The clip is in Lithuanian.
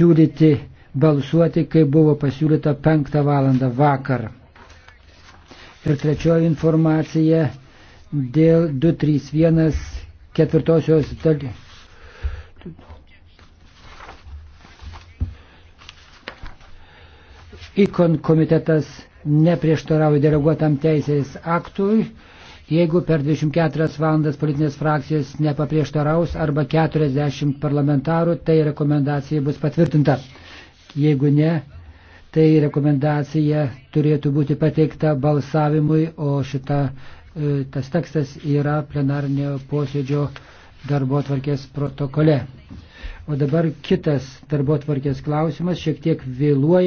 siūlyti balsuoti, kaip buvo pasiūlyta 5 valandą vakar. Ir trečioji informacija dėl 231 ketvirtosios daly. Ikon komitetas neprieštarauja deleguotam teisės aktui. Jeigu per 24 valandas politinės frakcijas nepaprieštaraus arba 40 parlamentarų, tai rekomendacija bus patvirtinta. Jeigu ne, tai rekomendacija turėtų būti pateikta balsavimui, o šita, e, tas tekstas yra plenarnio posėdžio darbo tvarkės protokole. O dabar kitas darbo tvarkės klausimas, šiek tiek vėluoja.